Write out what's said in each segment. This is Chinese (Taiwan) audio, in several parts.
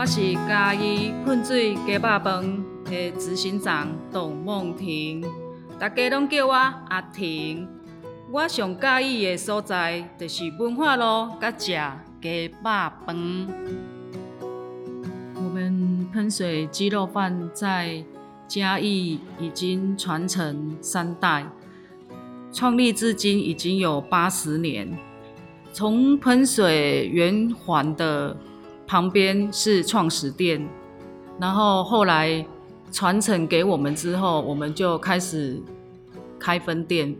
我是嘉義噴水雞肉飯的執行長董孟婷，大家都叫我阿婷。我上喜歡的所在就是文化路，佮食雞肉飯。我們噴水雞肉飯在嘉義已經傳承三代，創立至今已經有八十年，從噴水圓環的。旁邊是創始店，然後後來傳承給我們之後，我們就開始開分店，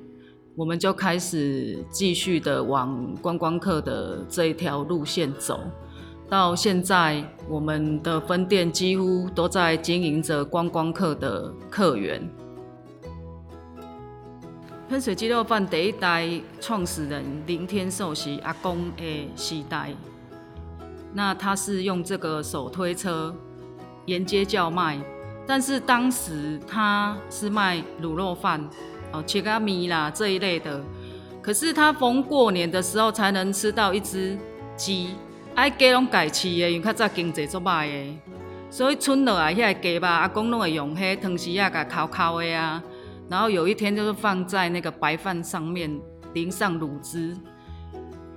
我們就開始繼續的往觀光客的這一條路線走，到現在我們的分店幾乎都在經營着觀光客的客源。噴水雞肉飯第一代創始人林添壽是阿公的時代。那他是用這個手推車沿街叫賣，但是當時他是賣滷肉飯、哦切仔麵啦這一類的，可是他逢過年的時候才能吃到一隻雞。哎、啊，雞攏家己飼的，因為較早經濟做賣嘅，所以村里來遐個雞吧，阿公攏會用彼個湯匙啊，甲敲敲嘅啊，然後有一天就是放在那個白飯上面淋上滷汁，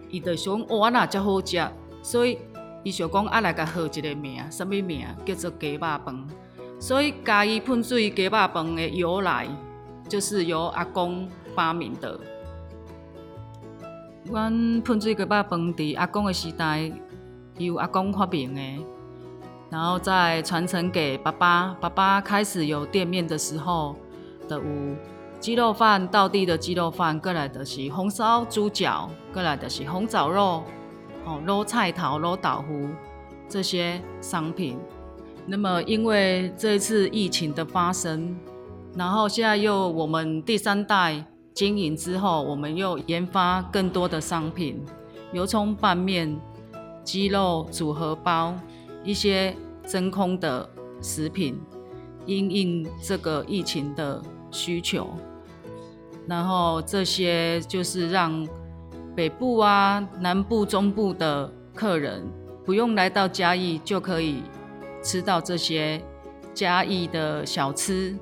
伊就想哇，那、哦、才好食，所以。伊想講，阿來個號一個名，什麼名？叫做雞肉飯。所以，家己噴水雞肉飯的由來，就是由阿公發明的。阮噴水雞肉飯在阿公的時代，由阿公發明的，然後再傳承給爸爸。爸爸開始有店面的時候的屋，就有雞肉飯道地的雞肉飯，過來就是紅燒豬腳，過來就是紅糟肉。哦，滷菜頭、滷豆腐這些商品。那麼，因為這次疫情的發生，然後現在又我們第三代經營之後，我們又研發更多的商品，油蔥拌麵、雞肉組合包、一些真空的食品，因應這個疫情的需求。然後這些就是讓。北部啊、南部、中部的客人不用來到嘉義，就可以吃到這些嘉義的小吃。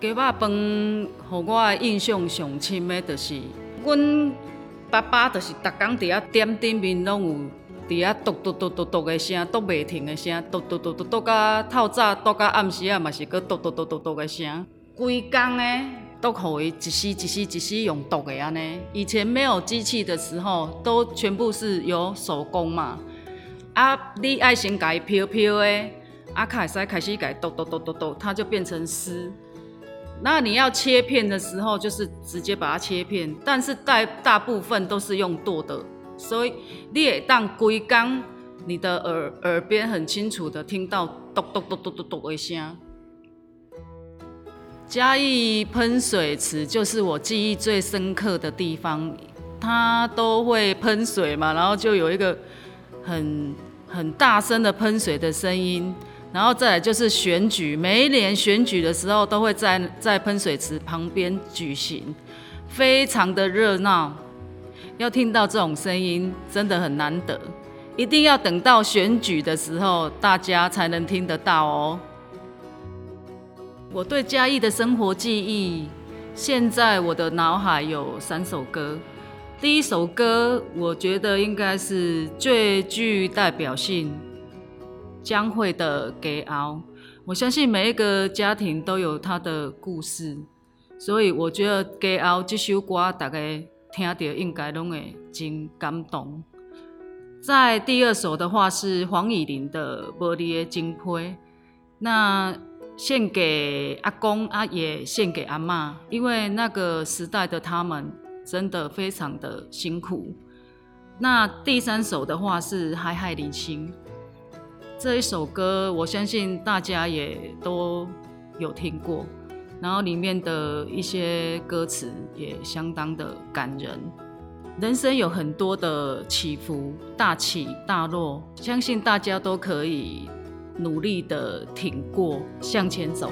雞肉飯，予我印象最深的，就是阮爸爸，就是逐天在遐點燈面，攏有在遐篤篤篤篤篤的聲，篤袂停的聲，篤篤篤篤篤到透早，篤到暗時啊，嘛是閣篤篤篤篤篤的聲，規天呢。都可以一絲一絲一絲用剁的安呢。以前沒有機器的時候，都全部是由手工嘛。啊，你愛先給它漂漂誒，啊可以開始開始給它剁剁剁剁剁，它就變成絲。那你要切片的時候，就是直接把它切片。但是大大部分都是用剁的，所以你會當規工，你的耳耳邊很清楚的聽到剁剁剁剁剁剁的聲。嘉義噴水池就是我記憶最深刻的地方，它都會噴水嘛，然後就有一個很很大聲的噴水的聲音，然後再來就是選舉，每一年選舉的時候都會在在噴水池旁邊舉行，非常的熱鬧，要聽到這種聲音真的很難得，一定要等到選舉的時候大家才能聽得到哦、喔。我對嘉義的生活記憶，現在我的腦海有三首歌。第一首歌，我覺得應該是最具代表性，江蕙《江蕙的家後》。我相信每一個家庭都有他的故事，所以我覺得《家後》這首歌，大家聽到應該都會真感動。在第二首的話是黃乙玲的《無字的情批》，那。獻給阿公阿爺，獻給阿媽，因為那個時代的他們真的非常的辛苦。那第三首的話是《海海離星》，這一首歌我相信大家也都有聽過，然後裡面的一些歌詞也相當的感人。人生有很多的起伏，大起大落，相信大家都可以。努力地挺過，向前走。